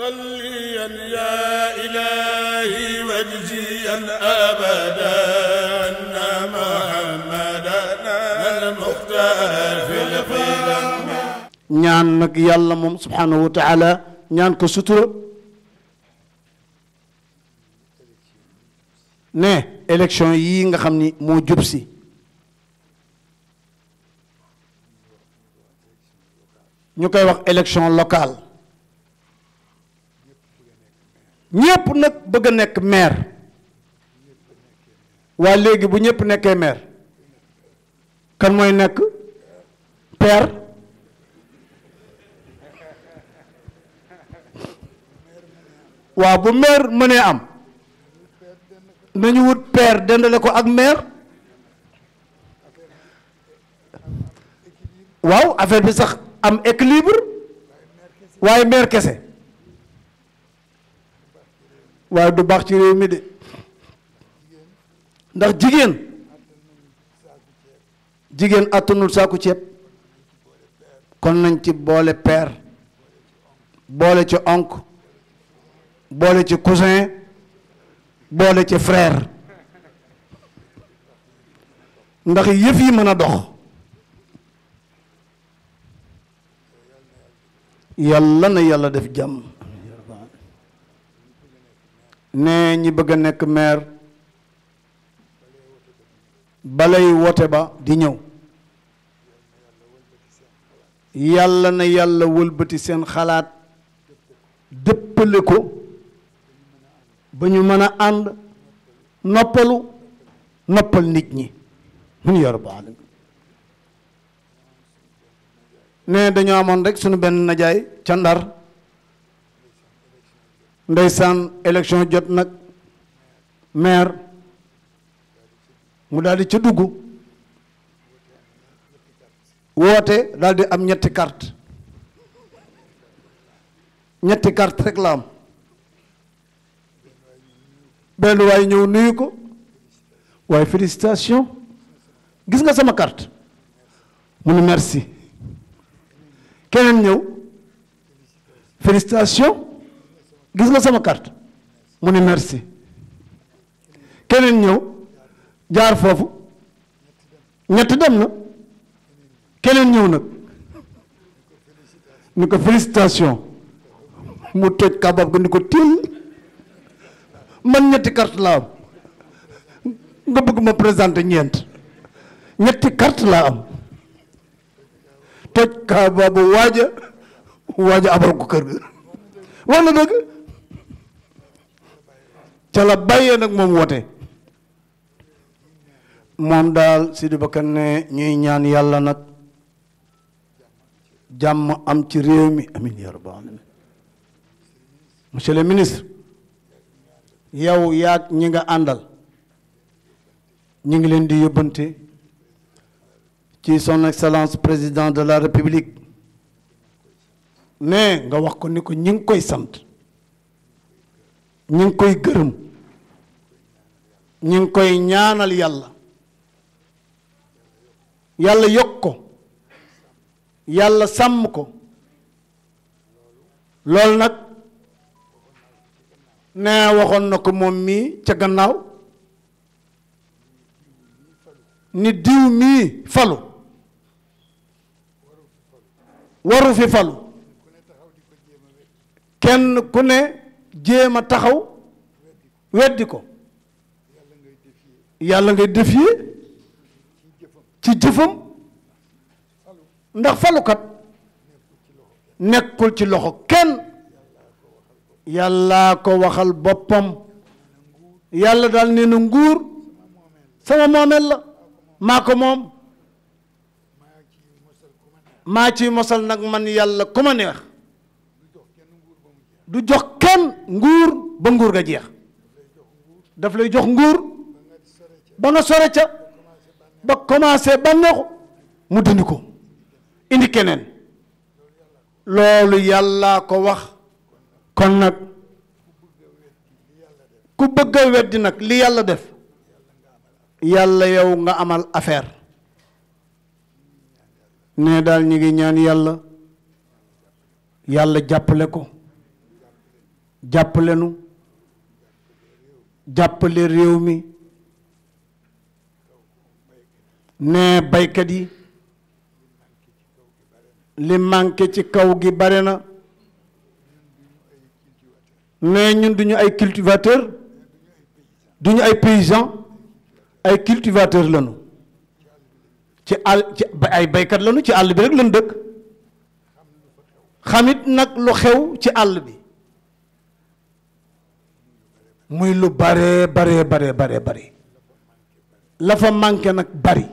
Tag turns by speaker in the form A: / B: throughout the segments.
A: صليا يا إلهي وجزيا أبدا أن محمدا المختار في الفيلم نعم نقي الله سبحانه وتعالى نعم كسطر نه إلكشن يينغ خمني موجبسي نيو كاي واخ إلكشن لوكال ñepp nak bëgg nek maire wa légui bu ñepp nekké maire kan moy nek père wa bu maire mëne am nañu wut père dëndalé ko ak maire waaw affaire bi sax am équilibre waaye maire kese waaye du baax ci réew mi de ndax jigéen jigéen àttanul saaku ceeb kon nañ ci boole peer boole ci onk boole ci cousin boole ci frère ndax yëf yi mën a dox yàlla na yàlla def jàmm ne ñi bëgg nekk maire balay wote ba di ñëw yàlla na yàlla wëlbati seen xalaat dëppale ko ba ñu mën a ànd noppalu noppal nit ñi mun yor rabbal ne dañoo amoon rek suñu benn najaay ca Ndar ndeysaan élection jot nag maire mu daldi di ca dugg woote daldi am ñetti carte ñetti carte rek la am benn waay ñëw nuyu ko waaye félicitation gis nga sama carte mu ne merci keneen ñëw félicitation gis nga sama carte mu ne merci keneen ñëw jaar foofu ñett dem na keneen ñëw nag ni ko félicitation mu toj kabaab ga ni ko tiil man ñetti carte laa am nga bëgg ma présenté ñeent ñetti carte laa am toj kaabaabu waaja waaja abal ko kër gi wax na dëgg te la bàyyee nag moom wote moom daal Sidi Bakar ne ñuy ñaan yàlla nag jàmm am ci réew mi amin yaa rabbal alamin monsieur le ministre yow yaag ñi nga àndal ñu ngi leen di yóbbante ci son excellence président de la république mais nga wax ko ni ko ñi ngi koy sant ñi ngi koy gërëm ñu ngi koy ñaanal yàlla yàlla yokk ko yàlla sàmm ko lool nag ne waxoon na ko moom mii ca gannaaw ni diw mii falu waru fi falu kenn ku ne jéem a taxaw weddi ko yàlla ngay défier ci jëfam ndax falukat nekkul ci loxo kenn yàllaa ko waxal boppam yàlla daal nee nguur sama moomeel la maa ko moom maa ciy mosal nag man yàlla ku ma neex du jox kenn nguur ba nguur ga jeex daf lay jox nguur ba nga sore ca ba commencé bànneexu mu dindi ko indi keneen loolu yàllaa ko wax kon nag ku bëgg a weddi nag li yàlla def yàlla yow nga amal affaire ne daal ñu ngi ñaan yàlla yàlla jàppale ko jàppale nu jàppale réew mi ne baykat yi li manqué ci kaw gi bare na ne ñun duñu ay cultivateur duñu ay paysan ay cultivateur lañu ci àll ay baykat lañu ci all bi rek lañu dëkk xamit nak lu xew ci all bi muy lu bare bare bare bare bare la fa manké nak bari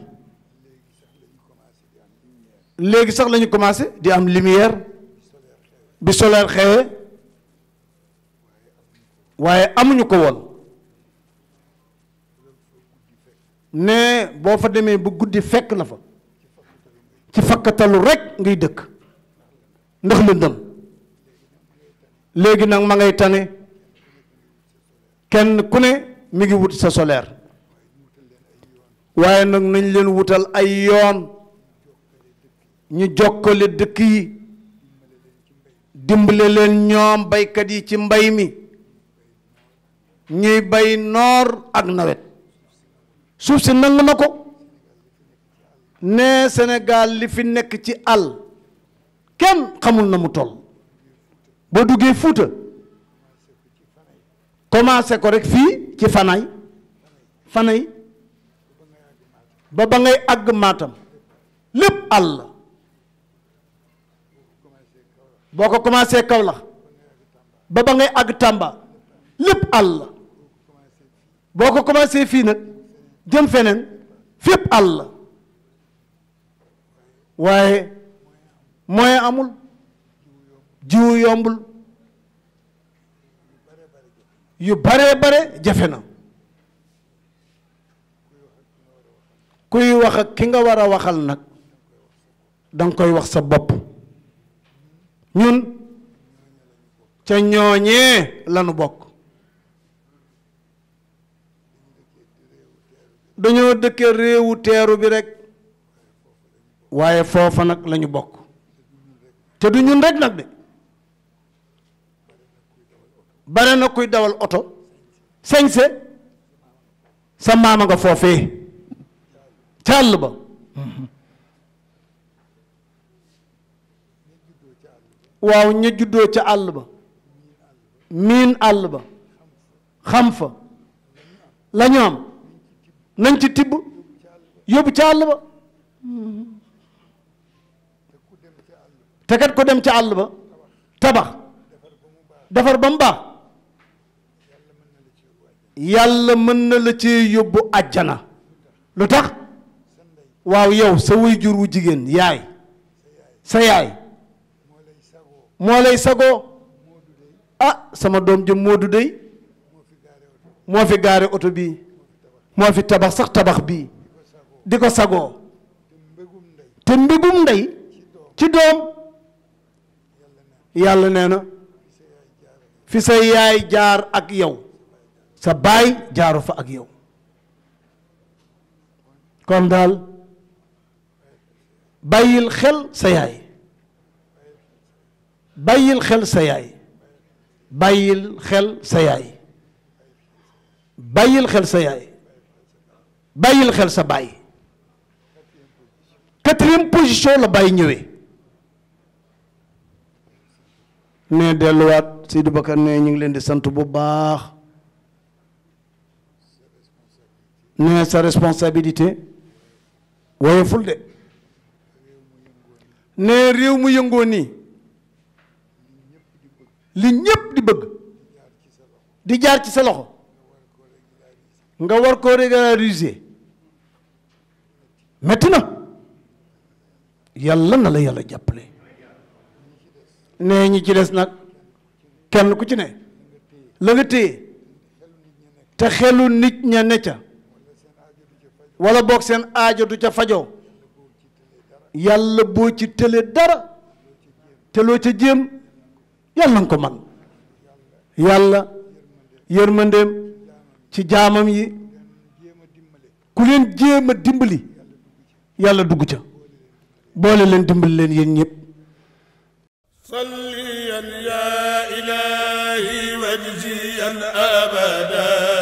A: léegi sax lañu commencé di am lumière bi solaire xewé waye amuñu ko won ne bo fa démé bu guddi fekk na fa ci fakatalu rek ngay dëkk ndax ndam léegi nak ma ngay tane kenn ku né mi ngi wut sa solaire waye nak nañ leen wutal ay yoon ñu jokkale dëkk yi dimbale leen ñoom baykat yi ci mbay mi ñuy bay noor ak nawet suuf si nangu na ko ne senegaal li fi nekk ci àll kenn xamul na mu toll boo duggee Fuuta commencé ko rekk fii ci Fanay Fanay ba ba ngay àgg Matam lépp àll boo ko commencé Kaolack ba ba ngay àgg Tamba lépp àll la boo ko commencé fii nag jëm feneen fépp àll la waaye moyen amul jiwu yombul yu bare bare jafe na kuy wax ak ki nga war a waxal nag danga koy wax sa bopp ñun ca ñooñee lanu bokk dañoo dëkke réewu teeru bi rekk waaye foofa nag lañu bokk te du ñun rekk nag de bare na kuy dawal oto sañse sa maama nga foofee ca àll ba mm-hmm. waaw ña juddoo ca àll ba miin àll ba xam fa la am nañ ci tibb yóbbu ca àll ba te ko dem ca àll ba tabax defar ba mu baax yàlla mën na la ci yóbbu àjjana lu tax waaw yow sa waajur wu jigéen yaay sa yaay moo lay sagoo ah sama doom jëm moodu dey moo fi gaare oto bii moo fi tabax sax tabax bii di ko sagoo te mbégum ndey ci doom yàlla nee na fi sa yaay jaar ak yow sa baay jaaru fa ak yow kon daal bàyyil xel sa yaay bàyyil xel sa yaay bàyyil xel sa yaay bàyyil xel sa yaay bàyyil xel sa baay quatrième position la bàyyi ñëwee mais delluwaat Seydou Bakar ne ñu ngi leen di sant bu baax ne sa responsabilité woyoful de ne réew mu yëngoo nii li ñépp di bëgg di jaar ci sa loxo nga war koo régulariser metti na yàlla na la yàlla jàppale nee ñi ci des nag kenn ku ci ne la nga téye te xelu nit ña ne ca wala boog seen aajo du ca fajoo yàlla boo ci tële dara te loo ca jéem yàlla nga ko man yàlla yërmandeem ci jaamam yi ku leen jéem dimbali yàlla dugg ca boole leen dimbali leen yéen ñëpp صليا يا إلهي واجزيا أبدا